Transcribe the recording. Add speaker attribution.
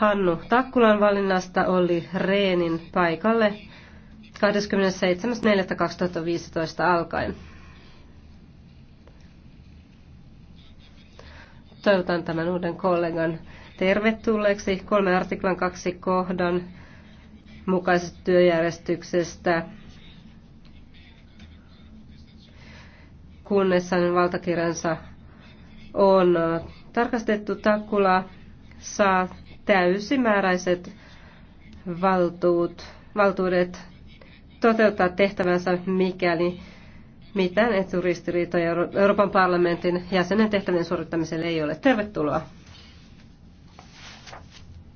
Speaker 1: Hannu Takkulan valinnasta oli Reenin paikalle 27.4.2015 alkaen. Toivotan tämän uuden kollegan tervetulleeksi kolme artiklan kaksi kohdan mukaisesta työjärjestyksestä, kunnes hänen valtakirjansa on tarkastettu. Takkula saa täysimääräiset valtuut, valtuudet toteuttaa tehtävänsä, mikäli mitään eturistiriitoja Euroopan parlamentin jäsenen tehtävien suorittamiselle ei ole. Tervetuloa.